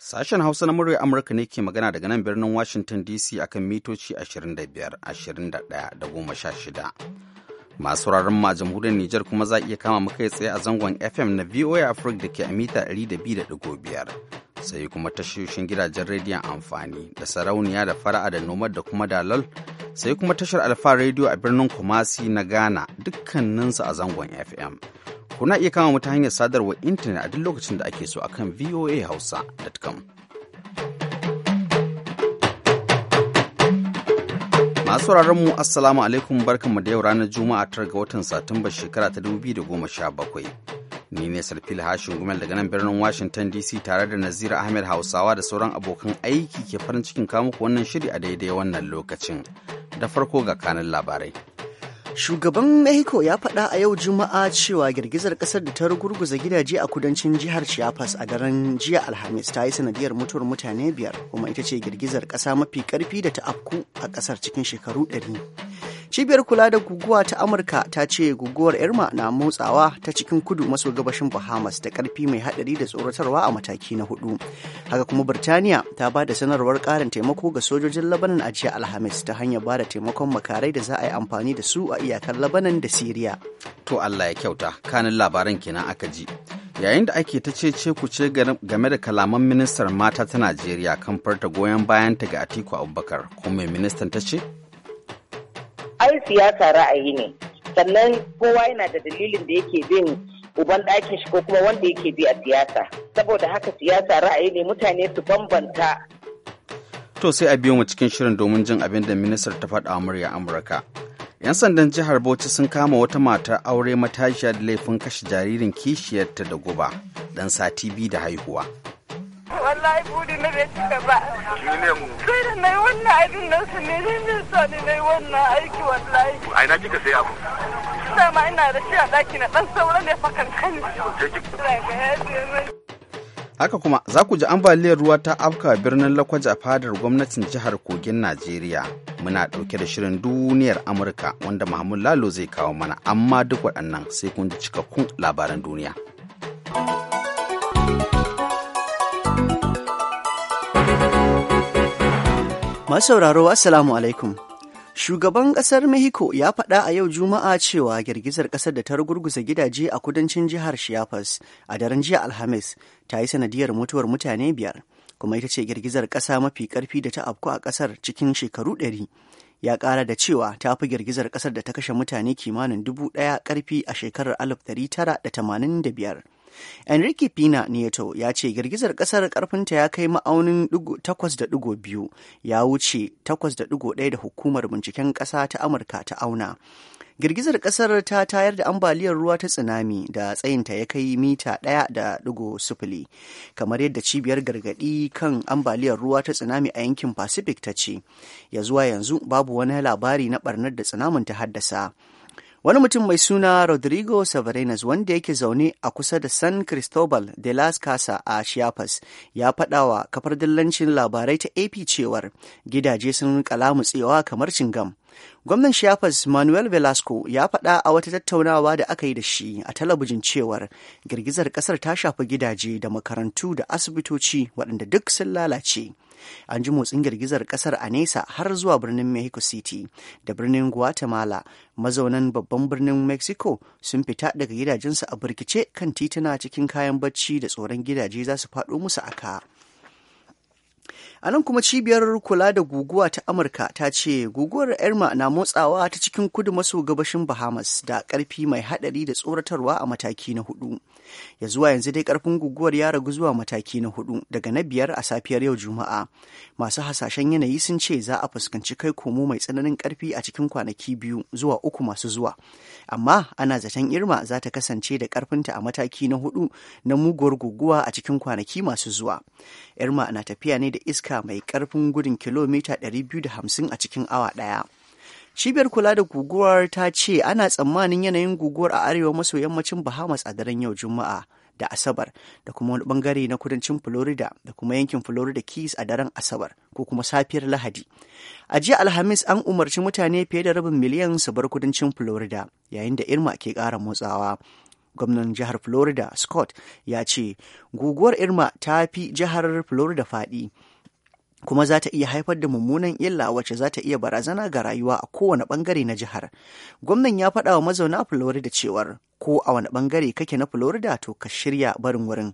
Sashen Hausa na murya Amurka ne ke magana daga nan birnin Washington DC akan mitoci 25, 21 da shida Masu sauraron ma jamhuriyar Nijar kuma za iya kama muka tsaye a zangon FM na VOA Africa da ke a mita 200.5 sai kuma tashoshin gidajen rediyon amfani da sarauniya da fara'a da nomad da kuma dalal sai kuma tashar alfa rediyo a birnin kumasi na ghana dukkaninsu a zangon fm kuna iya kama mu ta hanyar sadarwa intanet a duk lokacin da ake so a kan hausa voahausa.com masu mu assalamu alaikum barkanmu da yau ranar juma'a tara ga watan satumba shekara ta 2017 ni ne sarfil hashin gumel daga nan birnin washington dc tare da nazir ahmed hausawa da sauran abokan aiki ke farin cikin muku wannan shiri a daidai wannan lokacin da farko ga kanin labarai shugaban mexico ya faɗa a yau juma'a cewa girgizar ƙasar da ta rugurguza gidaje a kudancin jihar chiapas a daren jiya alhamis ta yi sanadiyar mutuwar mutane biyar kuma ita ce girgizar ƙasa mafi karfi da ta afku a ƙasar cikin shekaru ɗari Cibiyar kula da guguwa ta Amurka ta ce guguwar Irma na motsawa ta cikin kudu maso gabashin Bahamas da karfi mai haɗari da tsoratarwa a mataki na hudu. Haka kuma Birtaniya ta ba da sanarwar karin taimako ga sojojin Labanan a jiya Alhamis ta hanyar ba da taimakon makarai da za a yi amfani da su a iyakar Labanan da Siriya. To Allah ya kyauta, kanin labaran kenan aka ji. yayin da ake ta cece kuce game da kalaman Ministan mata ta najeriya kan farta goyon bayanta ga atiku abubakar kuma ministan ta ce ai siyasa ra'ayi ne sannan kowa yana da dalilin da yake bin uban ɗakin shi ko kuma wanda yake bi a siyasa saboda haka siyasa ra'ayi ne mutane su bambanta to sai a biyo mu cikin shirin domin jin abin da ministar ta faɗa murya amurka 'yan sandan jihar bauchi sun kama wata matar aure matashiya da laifin kashe jaririn kishiyarta da guba dan sati biyu da haihuwa wallahi buri na bai cika ba sai da na yi wannan abin na su ne ne min sa ne na yi wannan aiki wallahi a ina kika sai abu dama ina da shi a ɗaki na ɗan sauran ne fakan kan Haka kuma za ku ji ambaliyar ruwa ta afka birnin Lakwaja a fadar gwamnatin jihar Kogin Najeriya. Muna ɗauke da shirin duniyar Amurka wanda Muhammad Lalo zai kawo mana amma duk waɗannan sai kun ji cikakkun labaran duniya. Masu sauraro Assalamu alaikum. Shugaban ƙasar Mexico ya faɗa a yau Juma'a cewa girgizar ƙasar da ta rugurguza gidaje a kudancin jihar Chiapas a daren jiya Alhamis ta yi sanadiyar mutuwar mutane biyar, kuma ita ce girgizar ƙasa mafi ƙarfi da ta afku a ƙasar cikin shekaru ɗari. Ya ƙara da cewa ta fi girgizar ƙasar da ta kashe mutane kimanin dubu ɗaya ƙarfi a shekarar tara da da tamanin biyar. enrique pina nieto ya ce girgizar kasar karfinta ya kai ma'aunin 8.2 ya wuce 8.1 da hukumar binciken kasa ta amurka ta auna girgizar kasar ta tayar da ambaliyar ruwa ta tsunami da tsayinta ya kai mita ɗaya da kamar yadda cibiyar gargadi kan ambaliyar ruwa ta tsunami a yankin pacific ta ce ya zuwa yanzu babu wani labari na ɓarnar da tsunamin ta haddasa Wani mutum mai suna Rodrigo Severenas wanda yake zaune a kusa da San Cristobal de las Casa a Chiapas ya faɗa kafar dillancin labarai ta AP cewar gidaje sun tsewa kamar cingam. Gwamnan Chiapas Manuel Velasco ya faɗa a wata tattaunawa da aka yi da shi a talabijin cewar girgizar ƙasar ta shafi gidaje da makarantu da asibitoci waɗanda duk sun lalace. an ji motsin girgizar kasar a nesa har zuwa birnin mexico city da birnin guatemala mazaunan babban birnin mexico sun fita daga gidajensu a birkice kan tituna cikin kayan bacci da tsoron gidaje za su faɗo musu aka. A nan kuma cibiyar kula da guguwa ta Amurka ta ce guguwar Irma na motsawa ta cikin kudu maso gabashin Bahamas da ƙarfi mai haɗari da tsoratarwa a mataki na hudu. Ya zuwa yanzu dai ƙarfin guguwar ya ragu zuwa mataki na hudu daga na biyar a safiyar yau Juma'a. Masu hasashen yanayi sun ce za a fuskanci kai komo mai tsananin ƙarfi a cikin kwanaki biyu zuwa uku masu zuwa. amma ana zaton irma za ta kasance da karfinta a mataki na hudu na muguwar guguwa a cikin kwanaki masu zuwa irma na tafiya ne da iska mai karfin gudun kilomita 250 a cikin awa daya cibiyar kula da guguwar ta ce ana tsammanin yanayin guguwar a arewa maso yammacin bahamas a daren yau juma'a da Asabar da kuma wani bangare na kudancin Florida da kuma yankin Florida Keys a daren Asabar ko kuma safiyar Lahadi. A jiya Alhamis an umarci mutane fiye da rabin miliyan su bar kudancin Florida yayin da Irma ke ƙara motsawa. gwamnan jihar florida scott ya ce guguwar irma ta fi jihar florida faɗi kuma za ta iya haifar da mummunan illa wacce za ta iya barazana ga rayuwa a kowane bangare na jihar. Gwamnan ya faɗa wa mazauna Florida cewar ko a wani bangare kake na Florida to ka shirya barin wurin.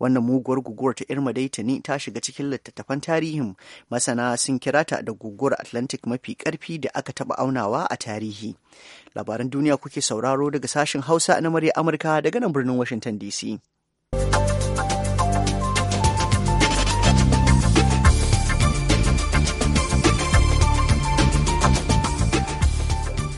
Wannan muguwar guguwar ta Irma Daitani ta shiga cikin littattafan tarihin masana sun kira ta da guguwar Atlantic mafi karfi da aka taɓa aunawa a tarihi. Labaran duniya kuke sauraro daga sashen Hausa na murya Amurka daga nan birnin Washington DC.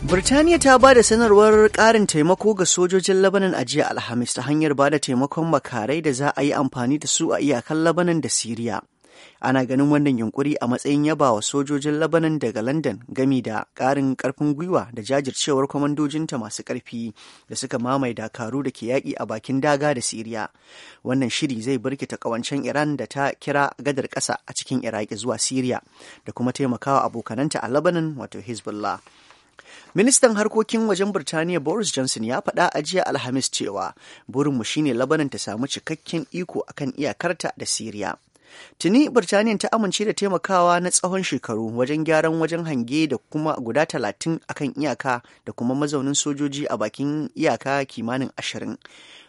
Birtaniya ta ba da sanarwar ƙarin taimako ga sojojin Labanan a jiya Alhamis ta hanyar ba da taimakon makarai da za a yi amfani da su a iyakan Labanan da Siriya. Ana ganin wannan yunkuri a matsayin yabawa sojojin Labanan daga London gami da ƙarin karfin gwiwa da jajircewar kwamandojinta masu ƙarfi da suka mamaye dakaru da ke yaƙi a bakin daga da Siriya. Wannan shiri zai birkita ƙawancen Iran da ta kira gadar ƙasa a cikin Iraki zuwa Siriya da kuma taimakawa abokananta a Labanan wato Hezbollah. Ministan harkokin wajen Birtaniya Boris Johnson ya faɗa a jiya Alhamis cewa burinmu shine Labanan ta samu cikakken iko akan iyakarta da Siriya. Tuni Birtaniya ta amince da taimakawa na tsawon shekaru wajen gyaran wajen hange da kuma guda talatin akan iyaka da kuma mazaunin sojoji a bakin iyaka kimanin ashirin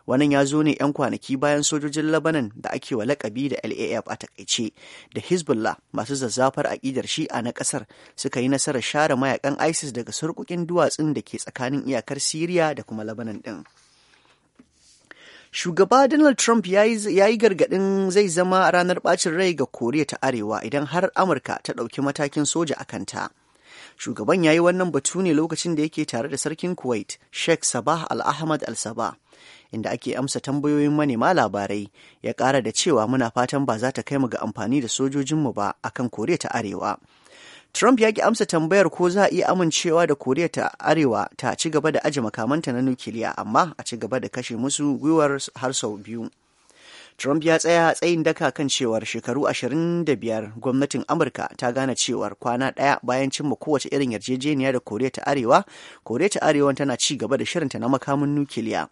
wannan ya zo ne 'yan kwanaki bayan sojojin labanan da ake wa lakabi da laf a takaice da hezbollah masu zazzafar aƙidar shi'a na ƙasar suka yi nasarar share mayakan isis daga surkukin duwatsun da ke tsakanin iyakar siriya da kuma labanan din. shugaba donald trump ya yi gargadin zai zama ranar bacin rai ga koriya ta arewa idan har amurka ta ɗauki matakin soja a kanta shugaban ya yi wannan batu ne lokacin da yake tare da sarkin kuwait sheikh sabah al-ahmad al-sabah inda ake amsa tambayoyin manema labarai ya kara da cewa muna fatan ba za ta kai mu ga amfani da sojojinmu ba akan koriya ta arewa Trump ya ki amsa tambayar ko za a iya amincewa da Koriya ta Arewa ta ci gaba da aje makamanta na nukiliya amma a ci gaba da kashe musu gwiwar har sau biyu. Trump ya tsaya tsayin daka kan cewar shekaru 25 gwamnatin Amurka ta gane cewar kwana ɗaya bayan cimma kowace irin yarjejeniya da Koriya ta Arewa, Koriya ta Arewa tana ci gaba da shirinta na makamin nukiliya.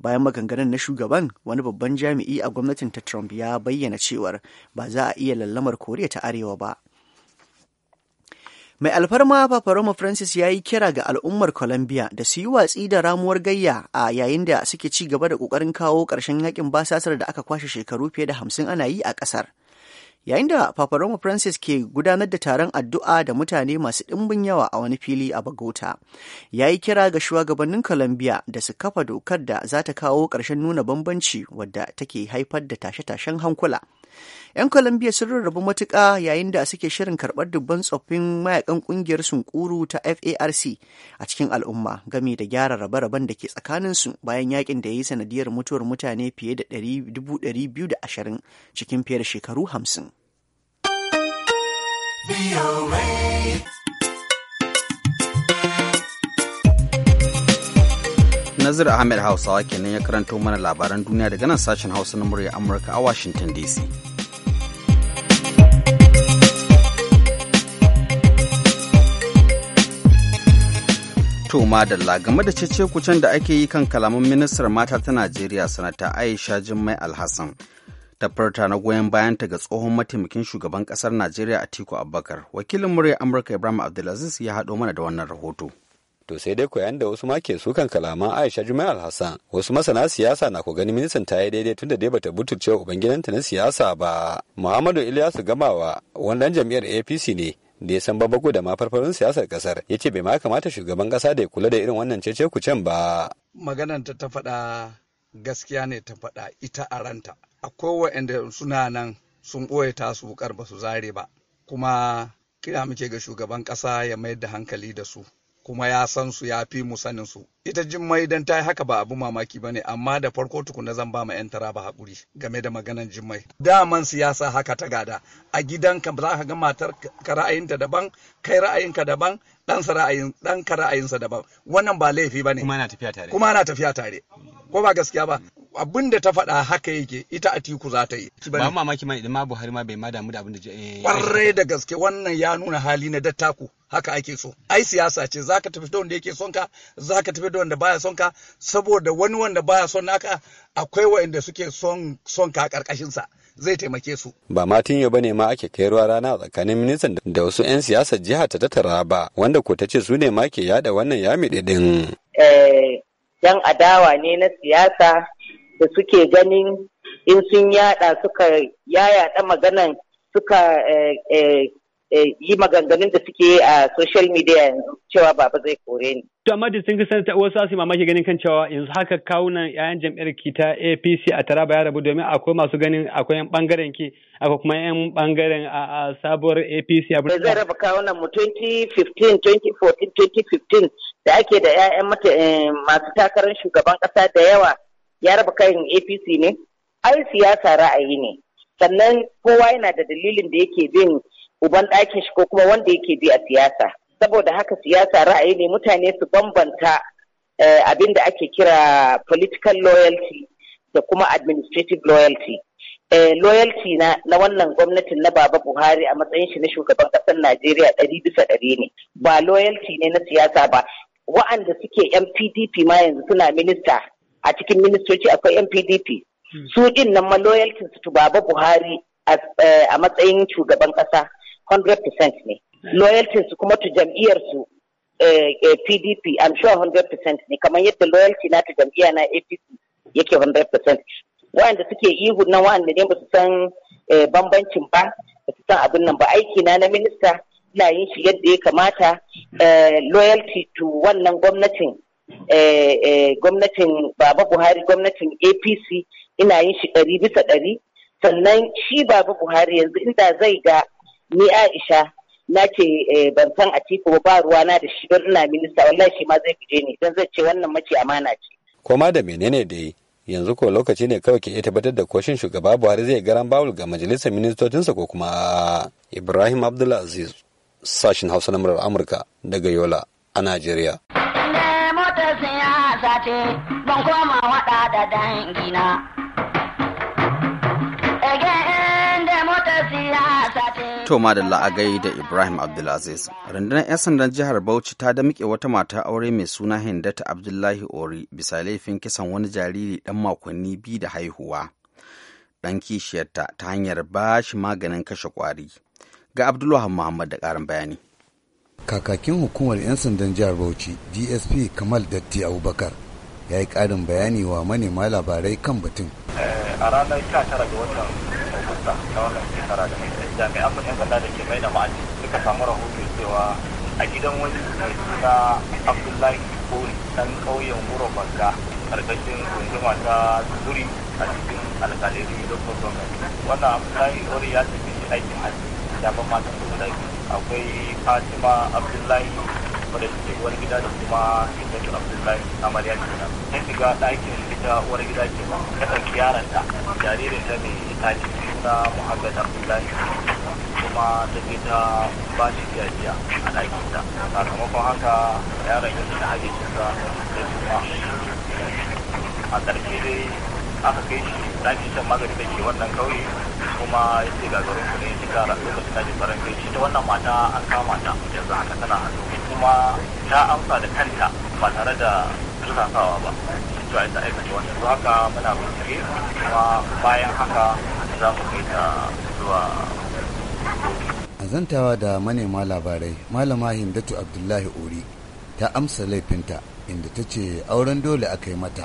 bayan maganganun na shugaban wani babban jami'i a gwamnatin ta trump ya bayyana cewar ba za a iya lallamar koriya ta arewa ba mai alfarma papa roma francis ya yi kira ga al'ummar colombia da su yi watsi da ramuwar gayya a yayin da suke ci gaba da kokarin kawo ƙarshen yakin basasar da aka kwashe shekaru fiye da hamsin ana yi a kasar. yayin da Papa Francis ke gudanar da taron addu'a da mutane masu ɗimbin yawa a wani fili a Bogota. Ya yi kira ga shugabannin Colombia da su kafa dokar da za ta kawo ƙarshen nuna bambanci wadda take haifar da tashe-tashen hankula. 'Yan Colombia sun rarrabu matuka yayin da suke shirin karɓar dubban tsoffin mayakan ƙungiyar sunkuru ta FARC a cikin al'umma game da gyara rabe-raben da ke tsakanin su bayan yakin da ya yi sanadiyar mutuwar mutane fiye da 220 cikin fiye da shekaru 50. Nazir Ahmed Hausawa kenan ya karanto mana labaran duniya daga nan sashen Hausa na murya Amurka a Washington DC. To madalla game da cece kucen da ake yi kan kalaman ministar mata ta Najeriya sanata Aisha Jummai Alhassan. Tafarta na goyon bayanta ga tsohon mataimakin shugaban kasar Najeriya Atiku Abubakar. Wakilin murya Amurka Ibrahim Abdulaziz ya haɗo mana da wannan rahoto. to sai dai koyan da wasu ma ke kan kalaman Aisha Juma'a Alhassan wasu masana siyasa na ko gani ministan ta yi daidai tunda dai bata butulce ubangidanta na siyasa ba Muhammadu Ilyasu Gamawa wannan jam'iyyar APC ne da ya san babago da ma siyasar kasar ya ce bai ma kamata shugaban kasa da ya kula da irin wannan cece can ba maganan ta ta faɗa gaskiya ne ta faɗa ita a ranta akwai wa'anda suna nan sun ɓoye ta su wukar ba su zare ba kuma kira muke ga shugaban ƙasa ya mayar da hankali da su kuma ya san su ya fi mu sanin su ita mai dan ta yi haka ba abu mamaki bane amma da farko tukuna zan ba ma yan taraba hakuri game da maganan Da daman siyasa haka ta gada a gidanka za ka ga matar ka ra'ayinta daban kai ra'ayinka daban sa ra'ayin ka ra'ayinsa daban wannan ba laifi bane kuma na tafiya tare kuma na tafiya tare ko ba gaskiya ba abin da ta faɗa haka yake ita Atiku za ta yi. Ba mamaki ma idan ma Buhari ma bai ma damu da abin da eh, kwarai da gaske wannan ya nuna hali na dattaku haka ake so ai siyasa ce "Za ka tafi da wanda yake son ka Za ka tafi da wanda baya son ka saboda wani wanda baya son naka akwai waɗanda suke son son ka karkashin sa zai taimake su ba ma tinyo bane ma ake kai ruwa rana tsakanin ministan da wasu 'yan siyasar jiha ta tattara ba wanda ko ta ce su ne ma ke yada wannan yami din eh yan adawa ne na siyasa da suke ganin in sun yada suka yayada maganan suka eh, eh, eh, yi maganganun da suke a social media cewa baba zai kore ni. To amma da sun kasance wasu su mamaki ganin kan cewa yanzu haka kawunan yayan jam'iyyar ki ta APC a Taraba ya rabu domin akwai masu ganin akwai yan bangaren ki akwai kuma yan bangaren a sabuwar APC a Burkina. Zai raba kawunan mu 2015, 2014, 2015 da ake da 'ya'yan masu takarar shugaban kasa da yawa ya raba kayan apc ne ai siyasa ra'ayi ne sannan kowa yana da dalilin da yake bin uban ɗakin shi ko kuma wanda yake bi a siyasa saboda haka siyasa ra'ayi ne mutane su bambanta eh, abin da ake kira political loyalty da kuma administrative loyalty eh, loyalty na, na wannan gwamnatin na baba buhari a matsayin shi na shugaban ƙasar najeriya ɗari bisa ɗari ne ba loyalty ne na siyasa ba wa'anda suke yan pdp ma yanzu suna minista a cikin ministoci akwai NPDP. Hmm. Su din nan ma loyalty su baba Buhari eh, a matsayin shugaban kasa 100% ne. Hmm. Loyalty su kuma tu jam'iyyar su PDP eh, eh, I'm sure 100% ne kamar yadda loyalty na tu jam'iyya na APC yake 100%. wanda suke ihu nan wanda ne ba su san bambancin ba ba su san abin nan ba aiki na na minista ina yin shi yadda ya kamata loyalty to wannan gwamnatin Eh, eh, gwamnatin Baba Buhari gwamnatin APC ina yin shi ɗari bisa ɗari sannan shi Baba Buhari yanzu inda zai ga ni Aisha na ce eh, ban san a tiko ba ruwa na da shi don ina minista wallahi shi ma zai fije ni don zai ce wannan mace amana ce. Koma da menene dai yanzu ko lokaci ne kawai ke iya tabbatar da koshin shugaba Buhari zai garan bawul ga majalisar ministocinsa ko kuma Ibrahim Abdulaziz sashin Hausa na Amurka daga Yola a Najeriya. ta ce ban koma waɗa da dangina. To madalla a gai da Ibrahim Abdulaziz. Rundunar 'yan sandan jihar Bauchi ta damike wata mata aure mai suna Hindata Abdullahi Ori bisa laifin kisan wani jariri ɗan makonni biyu da haihuwa. Ɗan kishiyarta ta hanyar ba shi maganin kashe ƙwari. Ga Abdullahi Muhammad da ƙarin bayani. Kakakin hukumar 'yan sandan jihar Bauchi DSP Kamal Datti Abubakar ya yi ƙarin bayani wa manema labarai kan batun. A ranar 19 ga watan Agusta ta wannan shekara da jami'an mutum sanda da ke mai da ma'aji suka samu rahoto cewa a gidan wani mai suna Abdullahi Kori ɗan ƙauyen Wuro Banga karkashin gunduma ta Zuri a cikin alƙaliri Lokacin Gwamnati. Wannan Abdullahi Kori ya tafi aikin hajji shafa matan su guda biyu akwai fatima abdullahi wadda take uwar gida da kuma hindatu abdullahi amarya kenan ta shiga ɗakin ita uwar gida ke ba ta ɗauki ta jaririn ta ne mai tashi suna muhammad abdullahi kuma ta ce ta ba shi jiya a ɗakin ta sakamakon haka yaron ya shiga hajjinsa da kuma a ƙarshe dai aka kai shi ɗakin shan magani da ke wannan kauye kuma ya ce ga garin kuɗi ya cika rasu da suna jin tsaron kai shi ta wannan mata an kama ta yanzu haka tana hannu kuma ta amsa da kanta ba tare da zurfafawa ba to ai ta aikata wannan to haka muna bincike kuma bayan haka za mu kai ta zuwa a zantawa da manema labarai malama hindatu abdullahi ori ta amsa laifinta inda ta ce auren dole aka yi mata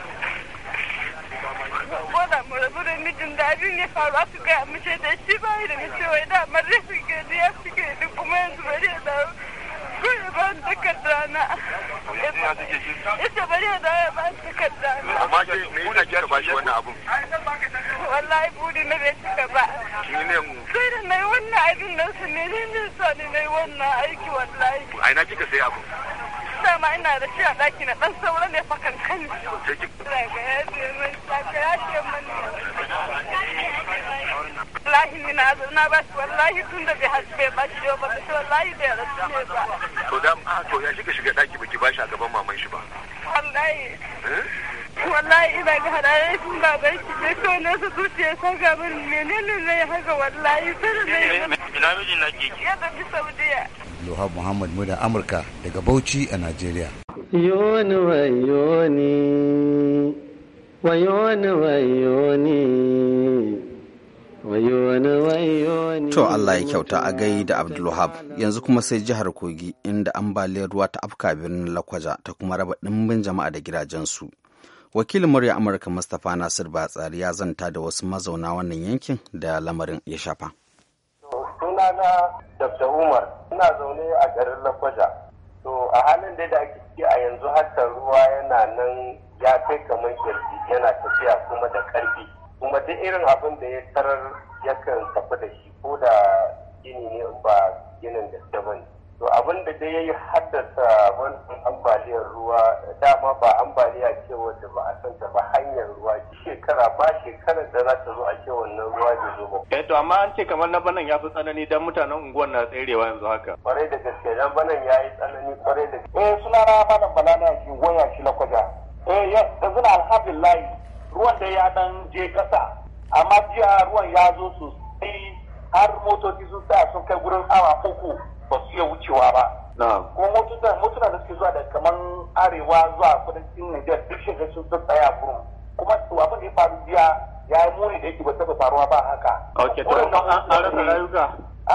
muramuremijin da abin ya faru aka gaya mace da shi bayi da mace wai da amma zai fi gari ya fi gari kuma yanzu bari ya dawo kawai ba ni takarda na ita bari ya dawo ya ba ni takarda na amma ke me yana kiyar ba shi wannan abun wallahi buri na bai cika ba sai da na yi wannan abin nan su ne ne ne sa ne na yi wannan aiki wallahi a ina kika sai abu sama ina da shi a ɗaki na dan saura ne fa kan kan wallahi ni na zo na bashi wallahi tun da bai bashi yau ba shi wallahi da ya rasu ne ba to da a to ya shiga shiga ɗaki baki bashi a gaban maman shi ba wallahi eh? wallahi ina ga hadayen shi ba bai shi ne to ne su zuciya san ga min menene ne haka wallahi sai da ne ina mijin na ke ya tafi saudiya Abdulwahab Muhammad Muda Amurka daga Bauchi a Najeriya. Yoni wayoni, wayoni wayoni, wayoni wayoni. To Allah ya kyauta a gai da Abdulwahab yanzu kuma sai jihar Kogi inda ambaliyar ruwa ta afka birnin Lakwaja ta kuma raba ɗimbin jama'a da gidajensu. Wakilin murya Amurka Mustapha Nasir Batsari ya zanta da wasu mazauna wannan yankin da lamarin ya shafa. suna na Dr. Umar ina zaune a garin Lakwaja. To a halin da ake ciki a yanzu hatta ruwa yana nan ya kai kamar kirji yana tafiya kuma da karfi kuma duk irin abin da ya tarar yakan tafi da shi ko da gini ne ba ginin da ta bane. To abin da dai ya yi haddasa wannan amma an ce kamar na banan ya fi tsanani dan mutanen unguwan na tserewa yanzu haka. Kwarai da gaske dan banan ya yi tsanani kwarai da gaske. Eh sunana banan Bala na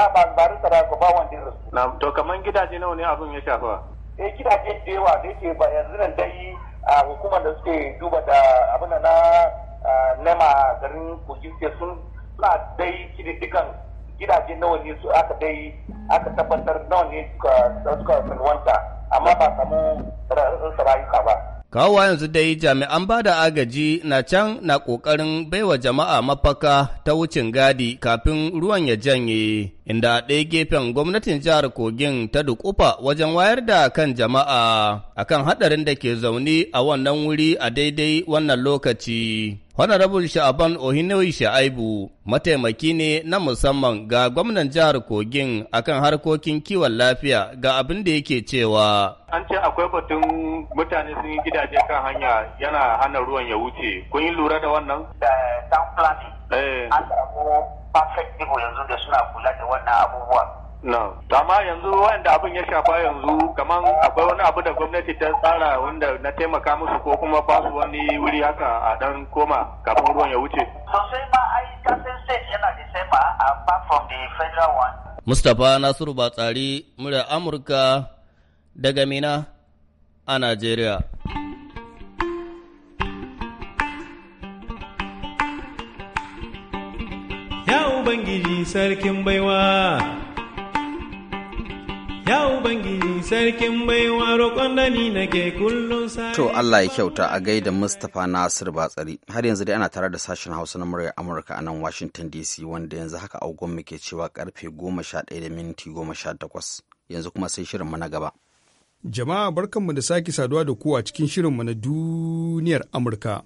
ba Eh gidaje da yawa ba yanzu dai a hukumar da suke duba da abin garin su aka dai tabbatar nawa ne suka ba samu Kawo yanzu dai jami'an ba da agaji na can na ƙoƙarin baiwa jama'a mafaka ta wucin gadi kafin ruwan ya janye. inda ɗaya gefen gwamnatin jihar Kogin ta dukufa wajen wayar da kan jama'a akan haɗarin da ke zaune a wannan wuri a daidai wannan lokaci. Honorable Sha'aban Ohinoyi Sha'aibu mataimaki ne na musamman ga gwamnan jihar Kogin akan harkokin kiwon lafiya ga abin da yake cewa. An ce akwai batun mutane sun yi gidaje kan hanya yana hana ruwan ya wuce. Kun yi lura da wannan? Da town planning. Eh. perfect yanzu da suna kula da wannan abubuwa. No. amma yanzu wanda abin ya shafa yanzu kamar akwai wani abu da gwamnati ta tsara wanda na taimaka musu ko kuma ba su wani wuri haka a dan koma kafin ruwan ya wuce. Sosai ma yi kasan state yana da a apart from the federal one. Mustapha Nasiru Batsari, murya Amurka daga Mina a Najeriya. Ubangiji sarkin baiwa. Ya Ubangiji sarkin baiwa roƙon da ni nake kullum sa. To Allah ya kyauta a gaida Mustapha Nasir Batsari. Har yanzu dai ana tare da sashen Hausa na muryar Amurka a nan Washington DC wanda yanzu haka agogon ke cewa karfe 11 da minti 18. Yanzu kuma sai shirin mu na gaba. Jama'a barkanmu da sake saduwa da kowa a cikin mu na duniyar Amurka.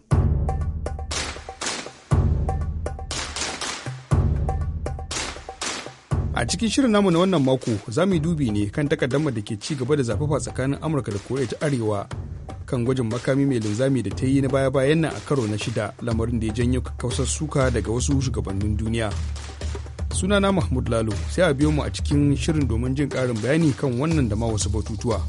a cikin shirin namu na wannan mako za mu yi dubi ne kan takaddamar da ke ci gaba da zafafa tsakanin amurka da koriya ta arewa kan gwajin makami mai linzami da ta yi na baya-bayan nan a karo na shida lamarin da ya janyo kausar suka daga wasu shugabannin duniya Suna na mahmud lalo sai a biyo mu a cikin shirin domin jin karin bayani kan wannan da ma wasu batutuwa.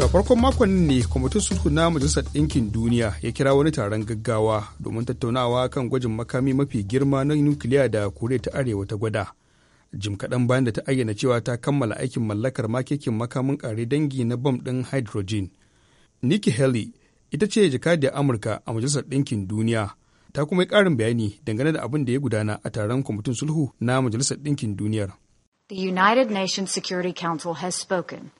To farkon makon ne kwamitin sulhu na Majalisar Ɗinkin Duniya ya kira wani taron gaggawa domin tattaunawa kan gwajin makami mafi girma na nukiliya da Koriya ta Arewa ta gwada. Jim kaɗan bayan da ta ayyana cewa ta kammala aikin mallakar makekin makamin ƙare dangi na bom ɗin hydrogen. Nikki Haley ita ce jakadiyar Amurka a Majalisar Ɗinkin Duniya ta kuma yi ƙarin bayani dangane da abin da ya gudana a taron kwamitin sulhu na Majalisar Ɗinkin Duniyar. The United Nations Security Council has spoken.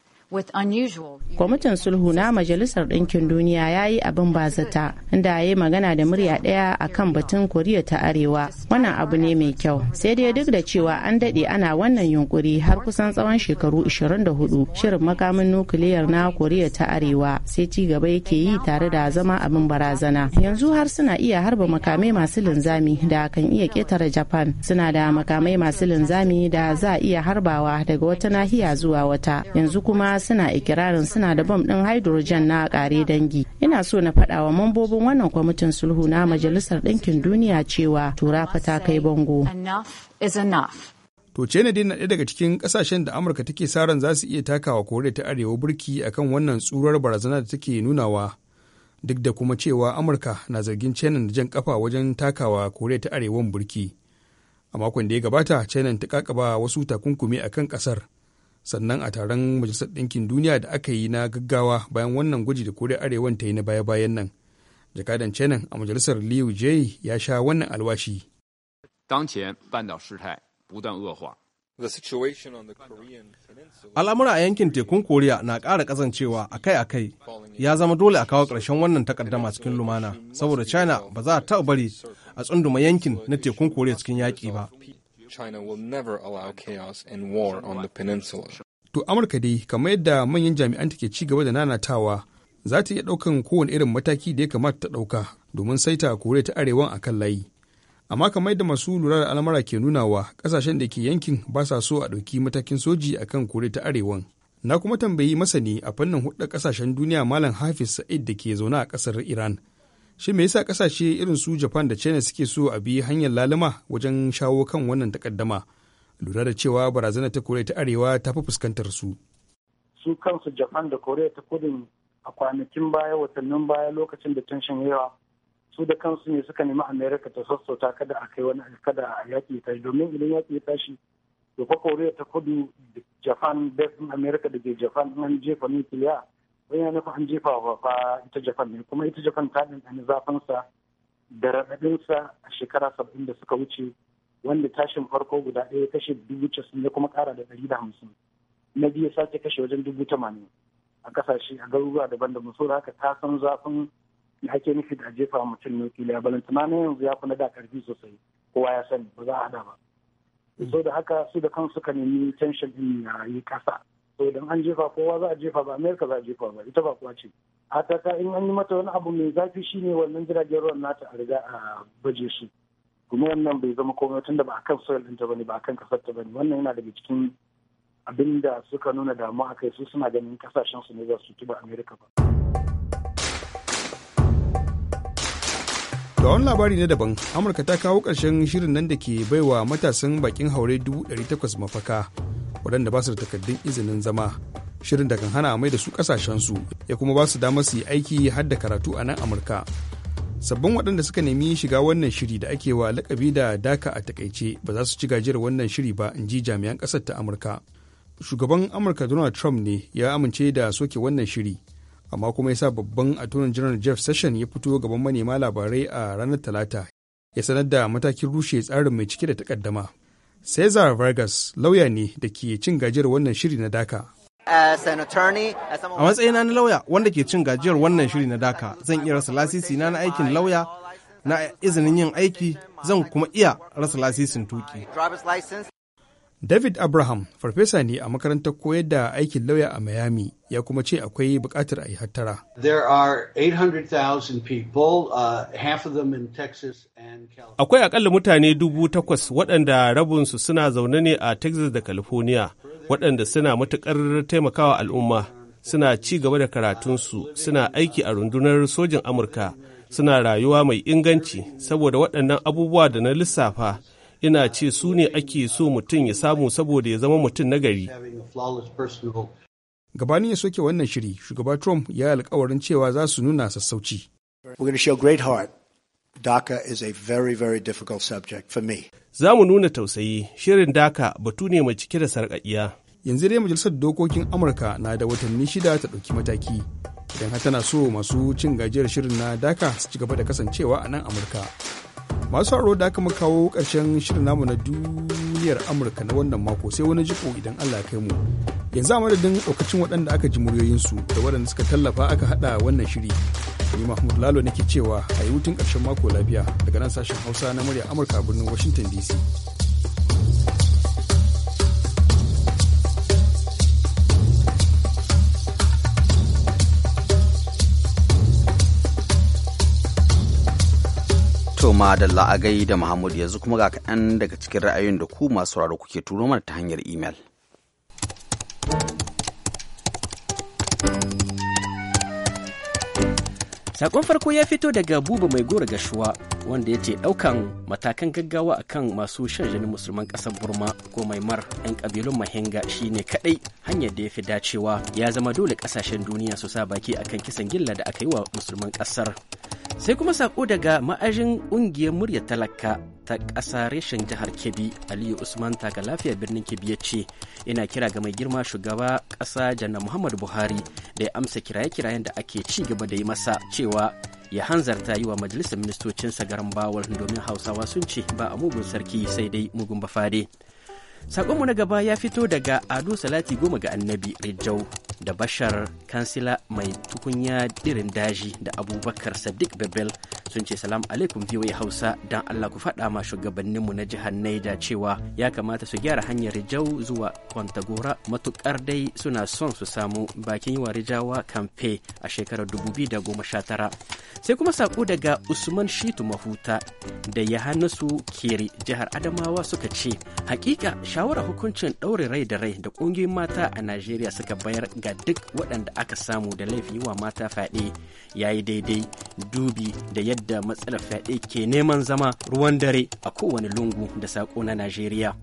Kwamitin sulhu na Majalisar Ɗinkin Duniya ya yi abin bazata inda ya yi magana da murya ɗaya a kan batun Koriya ta Arewa. Wannan abu ne mai kyau. Sai dai duk da cewa an daɗe ana wannan yunkuri har kusan tsawon shekaru 24 shirin makamin nukiliyar na Koriya ta Arewa sai ci gaba yake yi tare da zama abin barazana. Yanzu har suna iya harba makamai masu linzami da kan iya ƙetare Japan. Suna da makamai masu linzami da za a iya harbawa daga wata nahiya zuwa wata. Yanzu kuma suna ikirarin suna da bom ɗin hydrogen na kare dangi ina so na faɗa wa mambobin wannan kwamitin sulhu na majalisar ɗinkin duniya cewa tura fa ta kai bango to china dai na ɗaya daga cikin ƙasashen da amurka take saran zasu za su iya takawa koriya ta arewa burki akan wannan tsurar barazana da take nunawa duk da kuma cewa amurka na zargin china da jan kafa wajen takawa koriya ta arewa burki a makon da ya gabata china ta kakaba wasu takunkumi akan ƙasar sannan a taron majalisar ɗinkin duniya da aka yi na gaggawa bayan wannan gwaji da koriya arewan ta yi na baya-bayan nan jakadan chenan a majalisar liu jay ya sha wannan alwashi al'amura a yankin tekun koriya na ƙara ƙazancewa akai-akai ya zama dole a kawo ƙarshen wannan takaddama cikin lumana saboda china ba za ta bari a tsunduma yankin na tekun koriya cikin yaƙi ba China will never allow chaos and war on the To Amurka dai kamar yadda manyan jami'an take ci gaba da nanatawa za ta iya ɗaukan kowane irin mataki da ya kamata ta ɗauka domin saita kore ta arewan a kan layi. Amma kamar yadda masu lura da al'amara ke nunawa ƙasashen da ke yankin ba sa so a ɗauki matakin soji a kan kore ta arewan. Na kuma tambayi masani a fannin hudda ƙasashen duniya Malam Hafiz Sa'id da ke zaune a ƙasar Iran Shin me yasa kasashe irin su Japan da China suke so a bi hanyar laluma wajen shawo kan wannan takaddama? Lura da cewa barazana ta korea ta Arewa ta fi fuskantar su. Su kansu Japan da koreya ta Kudu a kwanakin baya watannin baya lokacin da tenshin yawa su da kansu ne suka nemi Amerika ta sassauta kada a kai wani kada a yaƙi ta domin idan yaƙi ya tashi to fa ta Kudu Japan da Amerika da ke Japan an jefa nukiliya ya kuma an jefa wa ba ita japan ne kuma ita japan ta ɗanɗani sa da raɗaɗinsa a shekara saba'in da suka wuce wanda tashin farko guda ɗaya kashe dubu casin ya kuma ƙara da ɗari da hamsin na biyu sake kashe wajen dubu tamanin a ƙasashe a garuruwa daban da musu haka ta san zafin da ake nufi da a jefa wa mutum nukiliya balantana na yanzu ya kuna da ƙarfi sosai kowa ya sani ba za a hada ba so da haka su da kansu ka nemi tension ɗin ya yi ƙasa to idan an jefa kowa za a jefa ba amerika za a jefa ba ita ba kuwa ce a in an yi mata wani abu mai zafi shine wannan jiragen ruwan nata a riga a baje su kuma wannan bai zama komai tun da ba akan soil ɗinta bane ba akan kasar ta bane wannan yana daga cikin abin da suka nuna damuwa a kai su suna ganin kasashen su ne za su tuba amerika ba da wani labari na daban amurka ta kawo ƙarshen shirin nan da ke baiwa matasan bakin haure 800 mafaka waɗanda ba su da takardun izinin zama shirin da kan hana mai da su su ya kuma ba su damar su yi aiki har da karatu a nan amurka sabbin waɗanda suka nemi shiga wannan shiri da ake wa lakabi da daka a takaice ba za su ci gajiyar wannan shiri ba in ji jami'an ƙasar ta amurka shugaban amurka donald trump ne ya amince da soke wannan shiri amma kuma ya sa babban attorney general jeff session ya fito gaban manema labarai a ranar talata ya sanar da matakin rushe tsarin mai cike da takaddama Cesar Vargas lauya ne da ke cin gajiyar wannan shiri na daka. A matsayina na lauya wanda ke cin gajiyar wannan shiri na daka zan iya rasa lasisi na na aikin lauya na izinin yin aiki zan kuma iya rasa lasisin tuki. David Abraham farfesa ne a makarantar koyar da aikin lauya a Miami. ya kuma ce akwai bukatar a yi hattara. Akwai akalla mutane dubu takwas waɗanda rabinsu suna zaune ne a Texas da California, waɗanda suna matuƙar taimakawa al'umma, suna ci gaba da karatunsu, suna aiki a rundunar sojin Amurka, suna rayuwa mai inganci saboda waɗannan abubuwa da na lissafa. Ina ce su ne ake so mutum ya samu saboda ya zama mutum nagari. gabanin ya soke wannan shiri shugaba trump ya yi alkawarin cewa za su nuna sassauci za mu nuna tausayi shirin daka batu ne mai cike da sarƙaƙiya yanzu dai majalisar dokokin amurka na da watanni shida ta ɗauki mataki idan har tana so masu cin gajiyar shirin na daka su ci gaba da kasancewa a nan amurka masu haro da aka kawo ƙarshen shirin namu na duniyar amurka na wannan mako sai wani jiko idan allah kai mu yanzu a madadin ɗaukacin waɗanda aka ji muryoyinsu da waɗanda suka tallafa aka haɗa wannan shiri ni mahmud lalo nake cewa a yi hutun ƙarshen mako lafiya daga nan sashen hausa na murya amurka a birnin washington dc toma da a da mahmud yanzu kuma ga kaɗan daga cikin ra'ayoyin da ku masu sauraro kuke turo mana ta hanyar imel. Sakon farko ya fito daga buba mai gora gashuwa wanda ya ce ɗaukan matakan gaggawa akan masu shan jini musulman ƙasar Burma ko mai mar 'yan kabilun Mahinga shine kaɗai hanyar da ya fi dacewa ya zama dole ƙasashen duniya su sa baki akan kisan gilla da aka yi wa musulman ƙasar. Sai kuma sako daga ma'ajin ƙungiyar muryar talaka ta ƙasa reshen jihar kebbi aliyu usman taka lafiya birnin kebbi ya ce ina kira ga mai girma shugaba ƙasa janar muhammadu buhari da ya amsa kiraye-kirayen da ake ci gaba da yi masa cewa ya hanzarta yi wa majalisar ministocinsa garin bawal domin hausawa sun ce ba a mugun sarki sai dai mugun bafade. Sakonmu na gaba ya fito daga Ado Salati Goma ga Annabi Rijau da Bashar Kansila mai tukunya irin daji da Abubakar Sadiq babel sun ce salam alaikum ya Hausa don Allah ku faɗa ma shugabanninmu na jihar Naija cewa ya kamata su gyara hanyar Rijau zuwa Kwantagora matukar dai suna son su samu bakin yi wa Rijawa kamfe a shekarar dubu biyu da goma sha tara Sai kuma sako daga Usman Shitu Mahuta da Yahanasu Kiri jihar Adamawa suka ce hakika shawarar hukuncin ɗaure rai da rai da ƙungiyoyin mata a najeriya suka bayar ga duk waɗanda aka samu da laifin wa mata fyaɗe ya yi daidai dubi da yadda matsalar fyaɗe ke neman zama ruwan dare a kowane lungu da saƙo na najeriya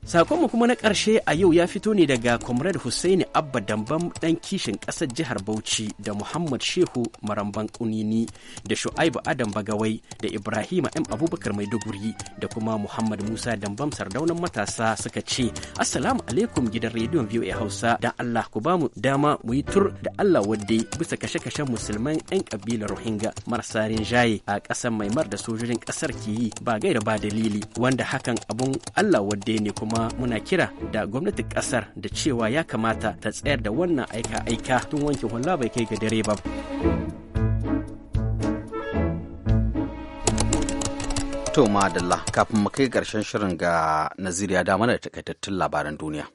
Sakonmu kuma na ƙarshe a yau ya fito ne daga Comrade Hussaini Abba Dambam ɗan kishin ƙasar jihar Bauchi da Muhammad Shehu Maramban Kunini da Shu'aibu Adam Bagawai da Ibrahim M Abubakar Maiduguri da kuma Muhammad Musa Dambam sardaunan matasa suka ce Assalamu alaikum gidan rediyon VOA Hausa Don Allah ku ba mu dama mu yi tur da Allah wadde bisa kashe-kashen musulman 'yan kabilar Rohingya marasa rinjaye a ƙasar Maimar da sojojin ƙasar ke yi ba gaira ba dalili wanda hakan abun Allah wadde ne kuma kuma muna kira da gwamnatin kasar da cewa ya kamata ta tsayar da wannan aika-aika tun wanke hula bai kai ga dare ba. To madalla kafin mu kai ƙarshen shirin ga Naziriya da mana da takaitattun labaran duniya.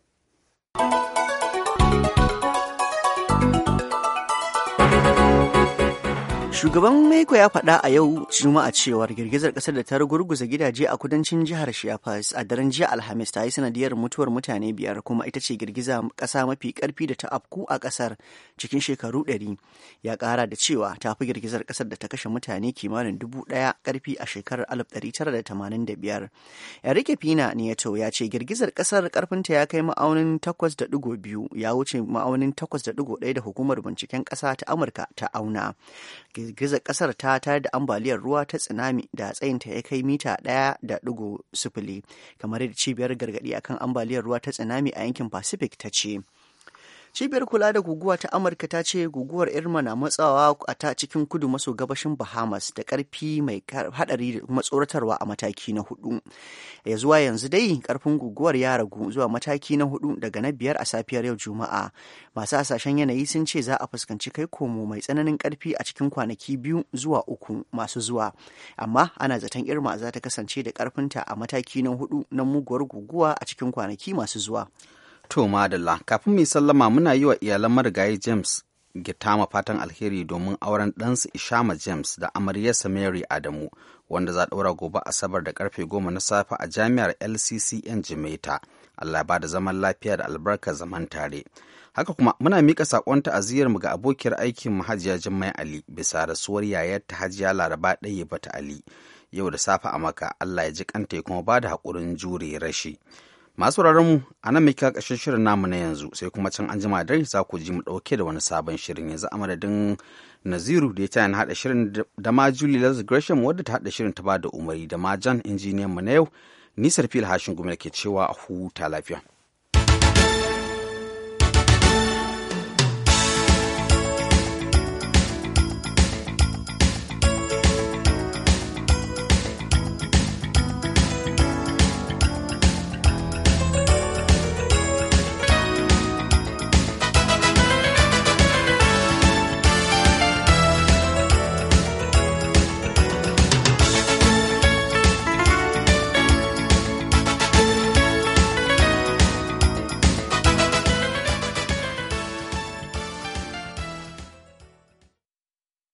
Shugaban Meko ya faɗa a yau Juma'a cewar girgizar ƙasar da ta rugurguza gidaje a kudancin jihar Chiapas a daren jiya Alhamis ta yi sanadiyar mutuwar mutane biyar kuma ita ce girgiza ƙasa mafi ƙarfi da ta afku a ƙasar cikin shekaru ɗari. Ya ƙara da cewa ta fi girgizar ƙasar da ta kashe mutane kimanin dubu ɗaya ƙarfi a shekarar 1985. Enrique Pina Nieto ya ce girgizar ƙasar ƙarfinta ya kai ma'aunin takwas da biyu ya wuce ma'aunin ɗaya da hukumar binciken ƙasa ta Amurka ta auna. girgizar kasar ta tayar da ambaliyar ruwa ta tsunami da ta ya kai mita ɗaya da sufuli kamar yadda cibiyar gargaɗi akan ambaliyar ruwa ta tsunami a yankin pacific ta ce cibiyar kula da guguwa ta amurka ta ce guguwar irma na matsawa a ta cikin kudu maso gabashin bahamas da karfi mai hadari da kuma tsoratarwa a mataki na hudu ya zuwa yanzu dai karfin guguwar ya ragu zuwa mataki na hudu daga na biyar a safiyar yau juma'a masu hasashen yanayi sun ce za a fuskanci kai komo mai tsananin karfi a cikin kwanaki biyu zuwa uku masu zuwa amma ana zaton irma za ta kasance da karfinta a mataki na hudu na muguwar guguwa a cikin kwanaki masu zuwa To madalla kafin mai sallama muna yi wa iyalan marigayi James Gitama fatan alheri domin auren ɗansu Ishama James da amaryarsa Mary Adamu wanda za ɗaura gobe Asabar da karfe goma na safe a jami'ar LCCN Jimeta. Allah ba da zaman lafiya da albarka zaman tare. Haka kuma muna mika saƙon ta'aziyyar mu ga abokiyar aikin mu Hajiya Jummai Ali bisa rasuwar yayar ta Hajiya Laraba ɗaya bata Ali. Yau da safe a maka Allah ya ji kanta ya kuma ba da haƙurin jure rashi. Masu mu a nan muke ƙarshen shirin namu na yanzu sai kuma can an jima dare za ku ji mu ɗauke da wani sabon shirin yanzu a madadin Naziru da ya ta yana hada shirin da ma Julie lars Gresham wadda ta hada shirin ta ba da umari da ma Jan injiniyan mu na yau nisar fil hashin gumi ke cewa a huta lafiya.